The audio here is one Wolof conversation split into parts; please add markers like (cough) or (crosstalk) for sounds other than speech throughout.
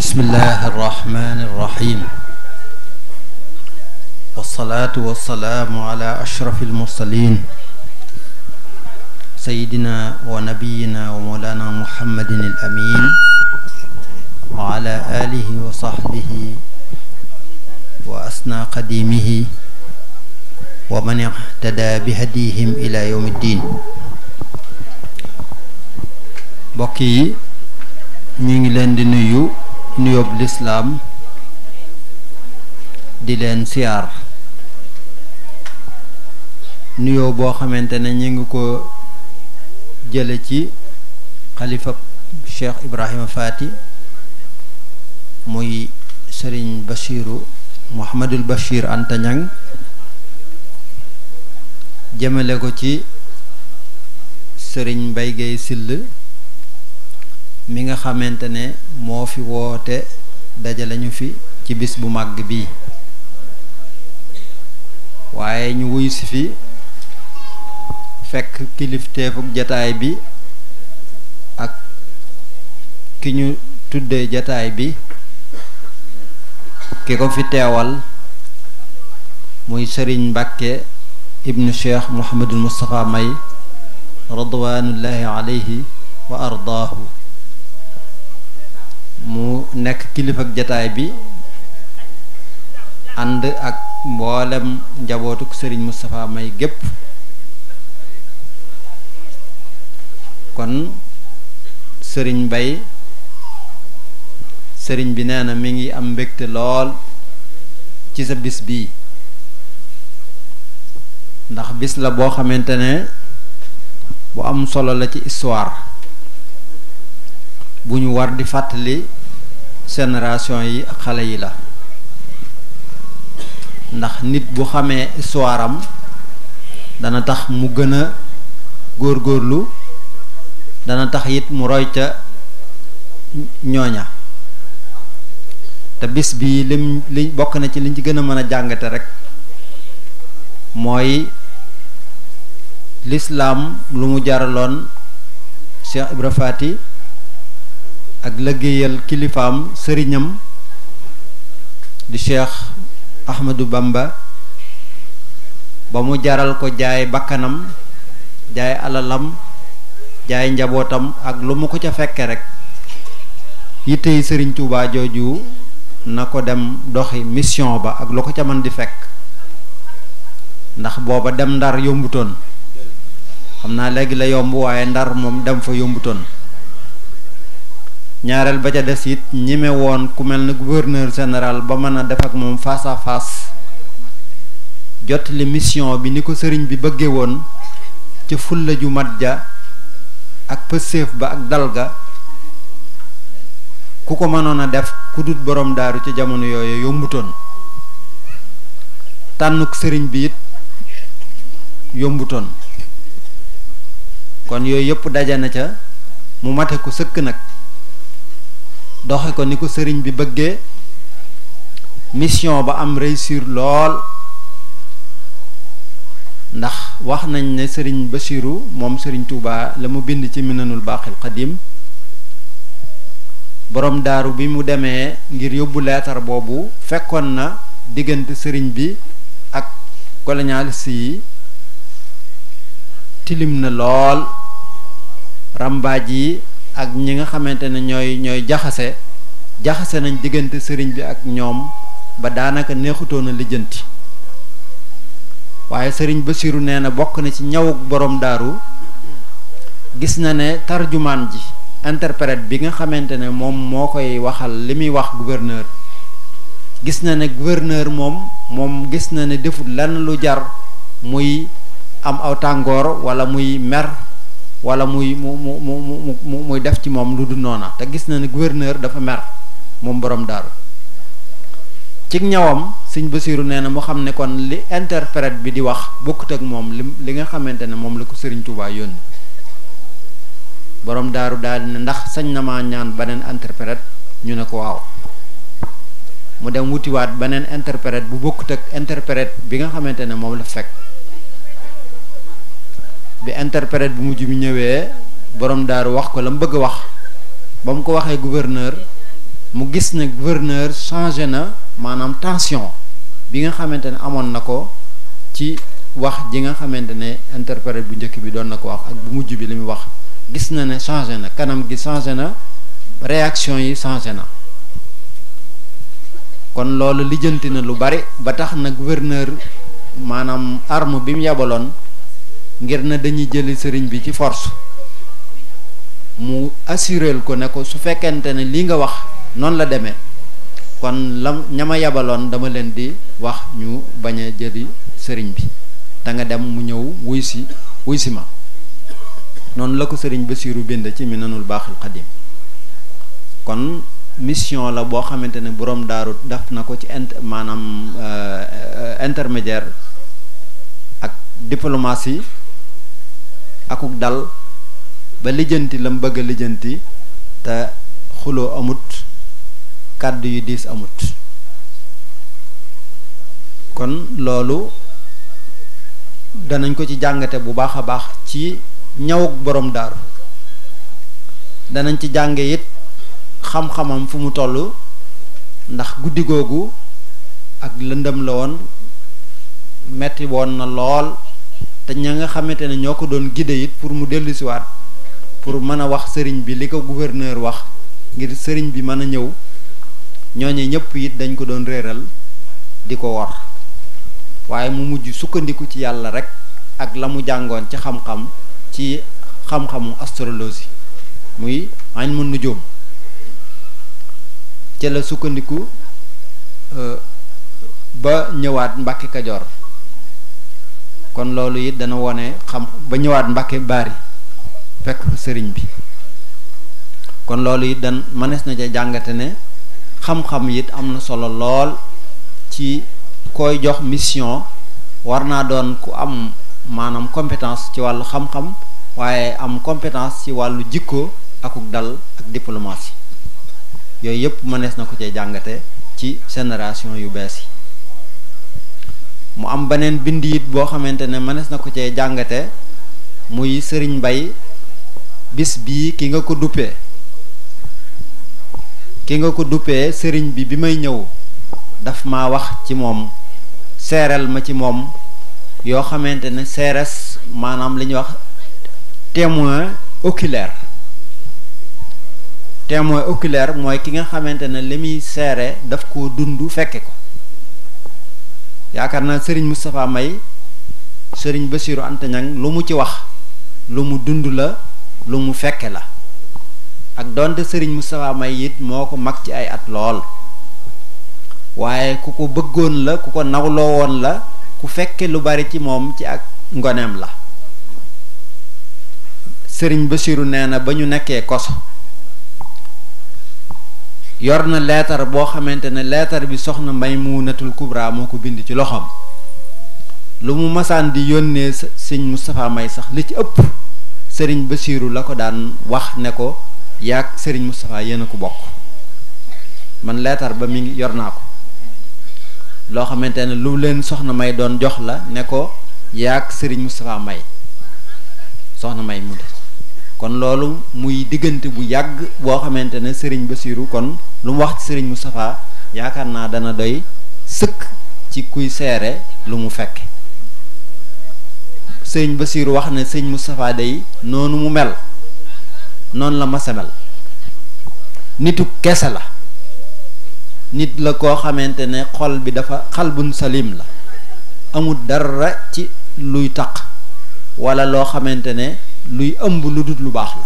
بسم الله الرحمن الرحيم والصلاة والسلام على أشرف المرسلين سيدنا ونبينا ومولانا محمد الأمين وعلى آله وصحبه وأسنى قديمه ومن اهتدى بهديهم إلى يوم الدين mbokk yi ñu ngi leen di nuyu nuyoob lislaam di leen siyaar nuyoo boo xamante ne ñu ngi ko jële ci xalifa Cheikh Ibrahima Faati muy sëriñ Bachiru Mouhamadul Bachir Anta jëmale ko ci sëriñ Mbay Gay Sill mi nga xamantene mo fi wote dajale fi ci bis bu mag bi waye ñu wuy ci fi fekk kilifteefuk jotaay bi ak ki ñu tuddé jotaay bi ki ko fi téwal muy serigne mbacké ابن الشيخ محمد المصطفى مي رضوان الله عليه وارضاه mu nekk kilifa jataay bi ànd ak mboolem njabootuk sëriñ Moustapha May gépp kon sëriñ Bay sëriñ bi nee na mi ngi am mbégte lool ci sa bis bii ndax bis la boo xamante ne bu am solo la ci histoire buñu war di fatali génération yi ak xalé yi la ndax nit bu xamé histoiream dana tax mu gëna gor gorlu dana tax yit mu roy ca ñoña ta bis bi lim li bok na ci liñ ci gëna mëna mën rek moy l'islam lu mu jaraloon Cheikh ibrahim Fati ak liggéeyal kilifaam sëriñam di cheikh ahmadou bamba ba mu jaral ko jaay bakkanam jaay alalam jaay njabootam ak lu mu ko ca fekke rek yittey sëriñ Touba jooju na ko dem doxi mission ba ak lu ko ca mën di fekk ndax booba dem ndar yombutoon xam naa léegi la yomb waaye ndar moom dem fa yombutoon ñaareel ba ca des it ñime ku mel ne gouverneur général ba mën a def ak moom face à face mission bi ni ko sëriñ bi bëggee woon ca fulla ju mat ja ak pëseef ba ak dalga ku ko mënoon a def ku dut borom daaru ca jamono yooyu yombutoon tànnuk sëriñ bi it yombutoon kon yooyu yëpp daja na ca mu mate ko sëkk nag doxé ko niko ko sëriñ bi bëggé mission ba am réussir lool ndax wax nañ né sëriñ Basiru mom sëriñ touba lamu bind ci minanul baqil qadim borom daaru bi mu démé ngir yobbu leetar bobu fekkon na sëriñ bi ak colonial si tilim na lol ak ñi nga xamante ne ñooy ñooy jaxase jaxase nañ diggante sëriñ bi ak ñoom ba daanaka neexutoon a lijjanti waaye sëriñ Basiru nee na bokk na ci ñawuk boroom daaru gis na ne tarjumaan ji interprète bi nga xamante ne moom moo koy waxal li muy wax gouverneur gis na ne gouverneur moom moom gis na ne defut lan lu jar muy am aw tàngoor walla muy mer wala muy mu mu mu mu muy def ci mom lu nona noona te gis na ni gouverneur dafa mer mom borom daru ci ñawam seigne basiru neena mo xamne kon li interprète bi di wax bokut ak mom li nga xamantene mom la ko sëriñ touba yónni borom daru dal ne ndax sañ na maa ñaan beneen interprète ñu ne ko waaw mu dem wuti waat beneen interprète bu bokut ak interprète bi nga xamantene mom la fekk bi interprète bu mujj bi ñëwee borom daaru wax ko la mu bëgg wax ba mu ko waxee gouverneur mu gis ne gouverneur changé na maanaam tension bi nga xamante ne amoon na ko ci wax ji nga xamante ne interprète bu njëkk bi doon na ko wax ak bu mujj bi li mu wax gis na ne changé na kanam gi changé na réaction yi changé na kon loolu lijjanti na lu bari ba tax na gouverneur maanaam arme bi mu yabaloon ngir na dañuy jël sëriñ bi ci force mu assurer ko ne ko su fekente ne li nga wax non la kon lam ñama yabalon dama leen di wax ñu baña jël sëriñ bi da nga dem mu ñew wuy si non ma la ko sëriñ Basiiru bind ci Minanul Baaxil qadim kon mission la bo xamantene borom daru daf na ci manam euh, euh, intermédiaire ak diplomatie akuk dal ba lijeenti lam bëgg lijeenti ta xulo amut kaddu yu dis amut kon lolu danañ ko ci jangate bu baaxa baax ci ñawuk borom daaru danañ ci jangé it xam-xamam fu mu tollu ndax guddi googu ak lendeum la won metti won na lol te ña nga xamante ne ñoo ko doon gidde it pour mu dellusiwaat pour mën a wax sëriñ bi li ko gouverneur wax ngir sëriñ bi mën a ñëw ñooñu ñëpp it dañ ko doon réeral di ko wor waaye mu mujj sukkandiku ci yàlla rek ak la mu jàngoon ci xam-xam ci xam-xamu astrologie muy añ mën nu jóom ci la sukkandiku euh, ba ñëwaat Mbàkke Kajoor kon loolu it dana wone xam ba ñëwaat Mbàkke Baari fekk fa sëriñ bi kon loolu it dan mënees na ca jàngate ne xam-xam it am na solo lool ci koy jox mission war naa doon ku am maanaam compétence ci wàllu xam-xam waaye am compétence ci wàllu jikko akuk dal ak diplomatie yooyu yëpp mënees na ko cee jàngate ci génération yu bees yi mu am beneen bind it boo xamante ne mënees na ko cee jàngate muy sëriñ bay bis bii ki nga ko duppee ki nga ko duppee sëriñ bi bi may ñëw daf ma wax ci moom seeral ma ci moom yoo xamante ne seeres maanaam li ñuy wax témoin oculaire témoin oculaire mooy ki nga xamante ne li muy seere daf koo dund fekke ko yaakaar naa sëriñ Moustapha May sëriñ Bassirou Anta Niang lu mu ci wax lu mu dund la lu mu fekke la ak doonte sëriñ Moustapha May it moo ko mag ci ay at lool waaye ku ko bëggoon la ku ko nawloo woon la ku fekke lu bari ci moom ci ak ngoneem la sëriñ Bassirou nee na ba ñu nekkee koso yor na leetar boo xamante ne leetar bi soxna Maymunatul Kubra moo ko bind ci loxoom lu mu masaan di yónnee sëñ Moustapha May sax li ci ëpp sëriñ ba siiru la ko daan wax ne ko yaag sëriñ Moustapha yéen a ko bokk man leetar ba mi ngi yor naa loo xamante ne lu leen soxna May doon jox la ne ko yaag sëriñ Moustapha May soxna May mu kon loolu muy diggante bu yàgg boo xamante ne sëriñ Basiiru kon lu mu wax ci sëriñ Moustapha yaakaar naa dana doy sëkk ci kuy seere lu mu fekke sëriñ Basiiru wax ne sëriñ Moustapha day noonu mu mel noonu la masa mel nitu kese la nit la koo xamante ne xol bi dafa xalbun salim la amul dara ci luy taq walla loo xamante ne luy ëmb lu dut lu baax la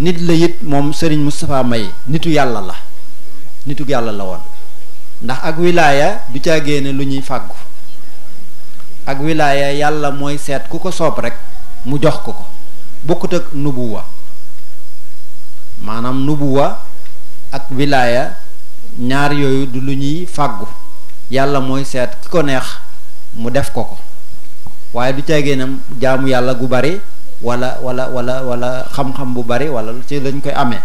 nit la yit moom sëriñ Moustapha May nitu yàlla la nitu yàlla la woon ndax ak wilaaya du caagee ne lu ñuy fàggu ak wilaaya yàlla mooy seet ku ko soob rek mu jox ko ko bokkut ak wa maanaam nubu wa ak wilaaya ñaar yooyu du lu ñuy fàggu yàlla mooy seet ki ko neex mu def ko ko waaye du caagee nam jaamu yàlla gu bari walla wala wala wala xam-xam bu bari wala ci lañ koy ame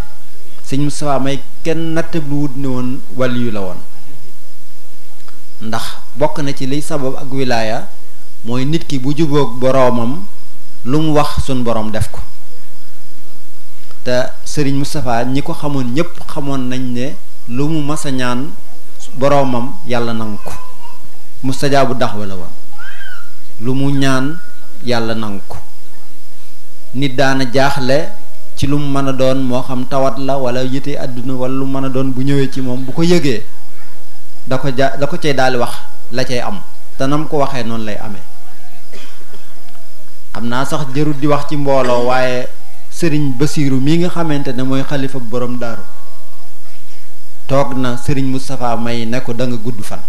sëñ Moustapha May kenn nattab lu wut ne woon wàllu la woon ndax bokk na ci li sabab ak wilaaya mooy nit ki bu jubook boroomam lu mu wax suñ boroom def ko te sëriñ Moustapha ñi ko xamoon ñépp xamoon nañ ne lu mu mas boroomam yàlla nangu ko mustajaabu daxwa la woon lu mu ñaan yàlla nangu ko nit daana jaaxle ci lu mu mën a doon moo xam tawat la wala yite àdduna wala lu mën a doon bu ñëwee ci moom bu ko yëgee da ko ja da ko cay daal wax la cay am te nam ko waxee noonu lay ame xam naa sax jërut di wax ci mbooloo waaye sëriñ Basiiru mii nga xamante ne mooy xalifa borom daaru toog na sëriñ Moustapha May ne ko da gudd fan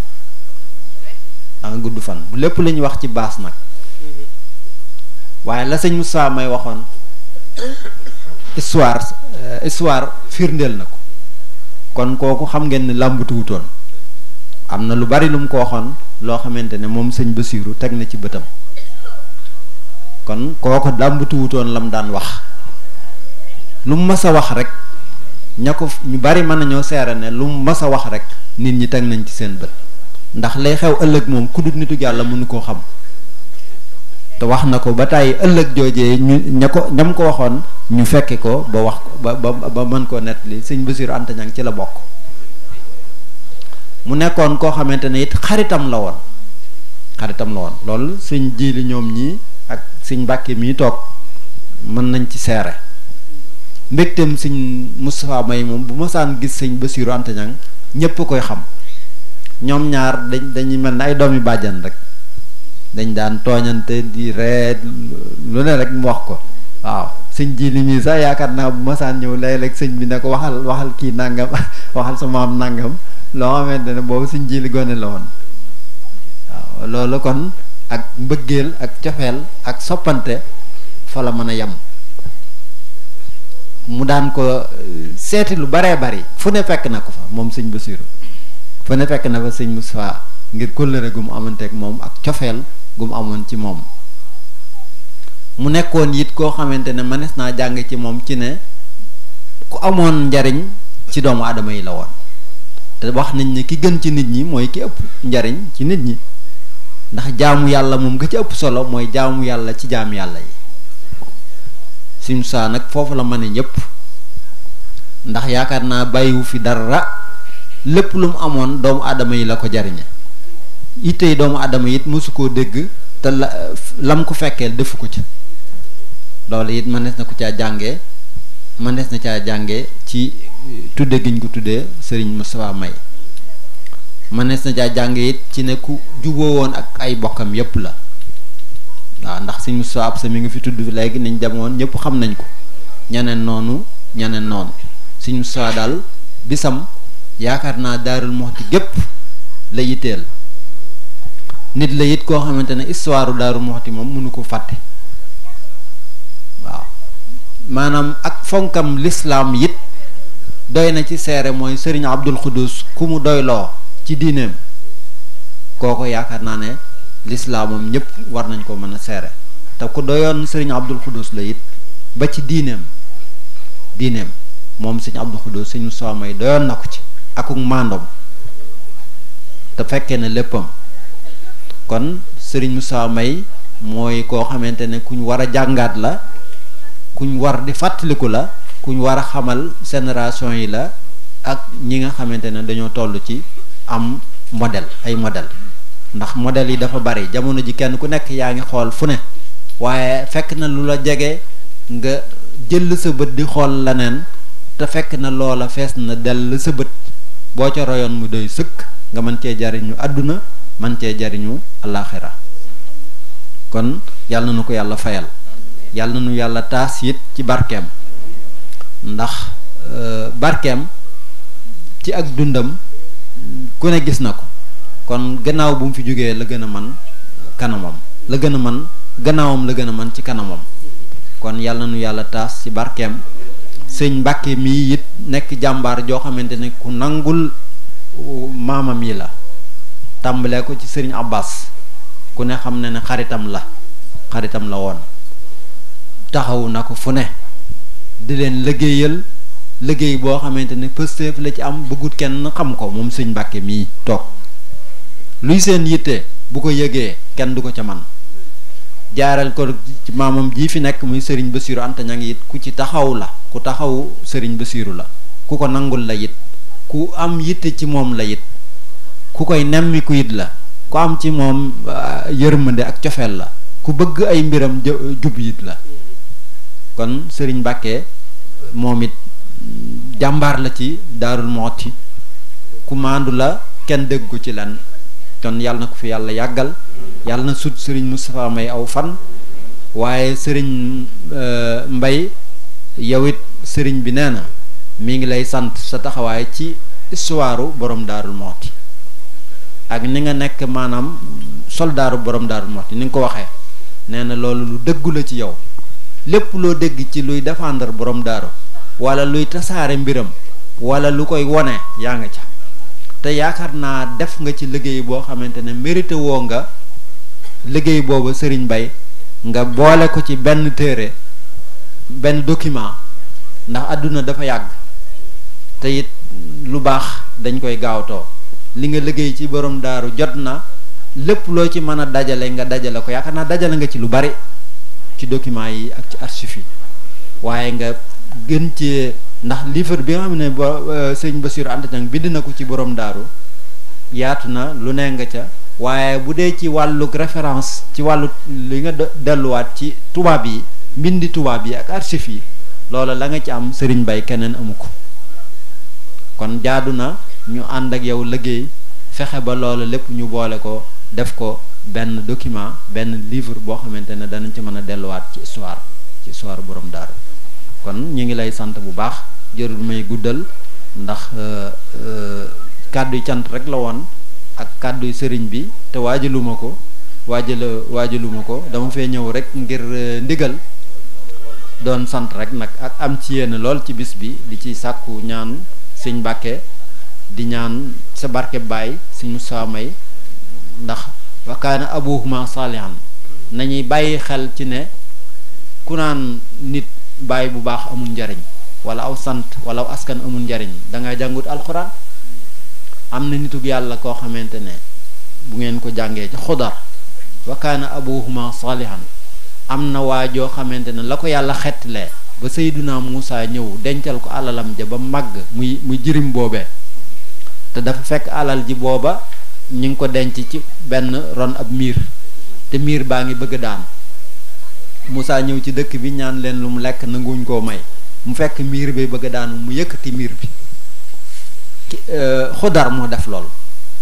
Ah, da nga fan du lépp lañu wax ci bass nak waye la seigne Moussa may waxone histoire euh, histoire firndel nako kon koku xam ngeen ni lamb tuuton amna lu bari lu mu ko waxone lo xamantene mom seigne basirou tek na ci beutam kon lamb tuuton lam daan wax lu mu wax rek ñako ñu bari man ne lu mu wax rek nit ñi tek nañ ci seen beut ndax lay xew ëllëg moom ku dul nitu yàlla mënu koo xam te wax na ko ba tàyyi ëllëg joojee ñu ña ko ñam ko waxoon ñu fekke ko ba wax ba ba ba mën koo nettali sëñ Basiru Anta ci la bokk mu nekkoon koo xamante ne it xaritam la woon xaritam la loolu sëñ jiili ñoom ñii ak sëñ Mbàkke mii toog mën nañ ci seere mbégteem sëñ Moustapha May moom bu ma gis sëñ Basiru Anta Ñaŋ ñépp koy xam ñoom ñaar dañ dañuy mel na ay doomi bàjjan rek dañ daan tooñante di ree lu ne rek mu wax ko waaw sëñ ji li mii sax yaakaar naa bu masaan ñëw léeg-léeg sëñ bi ne ko waxal waxal kii nàngam (laughs) waxal sama am nàngam loo xamante ne boobu sëñ ji li gone la woon waaw loolu kon ak mbëggeel ak cofeel ak soppante fa la mën a yem mu daan ko eh, seeti lu baree bari fu ne fekk na ko fa moom sëñ Basiru fu ne fek na fa seigne Moussa ngir kolere gum amante ak mom ak tiofel gum amon ci mom mu nekkone yit ko xamantene manes na naa ci mom ci ne ku amon njariñ ci doomu adamay la won te wax nañ ni ki gën ci nit ñi moy ki ëpp njariñ ci nit ñi ndax jaamu yalla mom ga ci ëpp solo moy jaamu yalla ci jaam yalla yi seigne Moussa nak fofu la mané ñëpp ndax yaakar na bayiwu fi dara lépp lu mu amoon doomu aadama yi la ko jariñe ittey doomu aadama yit mosu koo dégg te la lam ko fekkee defu ko ci loolu it mënees na ko caa jànge mënees na caa jànge ci eh, tudde giñ ko tuddee sëriñ Moustapha May mënees na caa jàngee yit ci ne ku juboo woon ak ay bokkam yépp la waa ndax sëriñ Moustapha Absa mi ngi fi tudd léegi niñ demoon ñëpp xam nañ ko ñeneen noonu ñeneen noonu sëriñ Moustapha daal bisam yaakaar naa daarul moxti gépp la yitteel nit la it koo xamante ne histoire daaru moxti moom mënu koo fàtte waaw maanaam ak fonkam lislaam it doy na ci seere mooy sëriñ abdul xudus ku mu doyloo ci diineem kooko yaakaar naa ne lislaamam ñëpp war nañ ko mën a seere te ku doyoon sëriñ abdul xudus la it ba ci diineem diineem moom sëñ abdul xudus sëñ Musaa may doyoon na ko ci akuk maandoom te fekkee na léppam kon sëriñ mu saa May mooy koo xamante ne kuñ war a jàngaat la kuñ war di fàttaliku la kuñ war a xamal génération yi la ak ñi nga xamante ne dañoo toll ci am model ay model ndax modèle yi dafa bari jamono ji kenn ku nekk yaa ngi xool fu ne waaye fekk na lu la jege nga jël sa bët di xool leneen te fekk na loola fees na dell sa bët boo ca royoon mu doy sëkk nga mën cee jariñu àdduna man cee jariñu alaxira kon yàlla na nu ko yàlla fayal yàlla na nu yàlla taas it ci barkeem ndax euh, barkeem ci ak dundam ku ne gis na ko kon gannaaw bu mu fi jógee la gën a man kanamam la gën a man gannaawam la gën a man ci kanamam kon yàlla na nu yàlla taas ci barkeem sëñ mbacké mi yit nek jambar jo xamanteni ku nangul mama mi la tambalé ko ci sëriñ Abbas ku ne xam na ne xaritam la xaritam la won taxaw na fu ne di len liggéeyal liggéey bo xamanteni ne la ci am bëggut kenn xam ko mom sëñ mbacké mi tok luy seen yitte bu ko yeggé kenn du ko ca man jaaral ko ci mamam ji fi nek muy serigne Bassirou Anta ku ci taxaw la ku taxaw sëriñ Basiiru la ku ko nangul la it ku am yitte ci moom la it ku koy nemmi ku la ku am ci moom euh, yërmande ak cofeel la ku bëgg ay mbiram jub it la kon sëriñ Mbàkke moom it jàmbaar la ci Daarul Muhti ku maandu la kenn déggu ci lan kon yàlla na ko fi yàlla yàggal yàlla na sut sëriñ Moustapha May aw fan waaye sëriñ euh, Mbay yow it sëriñ bi nee na mi ngi lay sant sa taxawaay ci istuwaaru borom daarul moxti ak ni nga nekk maanaam soldaaru borom daarul moxti ni nga ko waxee nee na loolu lu dëggu la ci yow lépp loo dégg ci luy défendre borom daaru wala luy tasaare mbiram wala lu koy wone yaa nga ca te yaakaar naa def nga ci liggéey boo xamante ne mérité woo nga liggéey boobu sëriñ bay nga boole ko ci benn téere benn document ndax àdduna dafa yàgg te it lu baax dañ koy gaawtoo li nga liggéey ci borom daaru jot na lépp loo ci mën a dajale nga dajale ko yaakaar naa dajale nga ci lu bari ci document yi ak ci archives waaye nga gën ci ndax livre bi nga xam ne euh, sëñ Bassirou Anta Niang bind na ko ci borom daaru yaatu na lu ne nga ca waaye bu dee ci wàlluk référence ci wàllu li nga delluwaat ci tubaab yi mbindi tubaab yi ak archives yi loola la nga ci am sëriñ bay keneen amu ko kon jaadu na ñu ànd ak yow liggéey fexe ba loola lépp ñu boole ko def ko benn document benn livre boo xamante ne danañ ci mën a delluwaat ci histoire ci histoire borom daaru kon ñu ngi lay sant bu baax jërul may guddal ndax euh, euh, kàddu cant rek la woon ak kàdduy sëriñ bi te waajaluma ko waajal waajaluma ko dama fee ñëw rek ngir euh, ndigal Don sant rek nak ak am ci yene lol ci bis bi di ci sakku ñaan seigne bakke di ñaan sa barke bay seigne Musaa May ndax wa kana abuhuma salihan nañuy bayyi xel ci ne ku naan nit bay bu baax amul njariñ wala aw sant wala askan amul njariñ da nga jangut alquran am na nitug yàlla koo xamante bu ngeen ko jange ci khudar wa kana abuhuma salihan am na waa joo xamante ne la ko yàlla xettlee ba Seydina Muusa ñëw dencal ko alalam ja ba màgg muy mu jirim boobee te dafa fekk alal ji booba ñu ngi ko denc ci benn ron ab miir te miir baa ngi bëgg daan musaa ñëw ci dëkk bi ñaan leen lu mu lekk nanguwuñ koo may mu fekk miir bi bëgg a daanu mu yëkk yëkkati miir bi euh, xodar moo def lool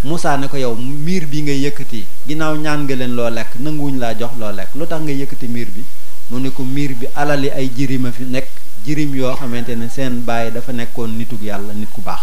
Moussa ne ko yow miir bii ngay yëkkati ginnaaw ñaan nga leen loo lekk nanguwuñu laa jox loo lekk lu tax nga yëkkati miir bi mu ni ko miir bi alali ay jirim a fi nekk jirim yoo xamante ne seen baay dafa nekkoon nitug yàlla nit ku baax